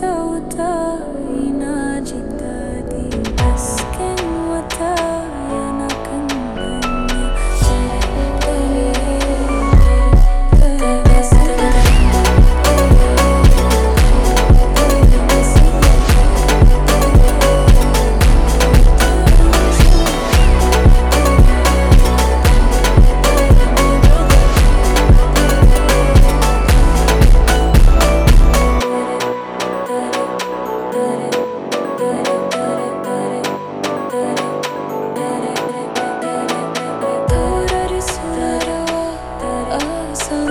da da da so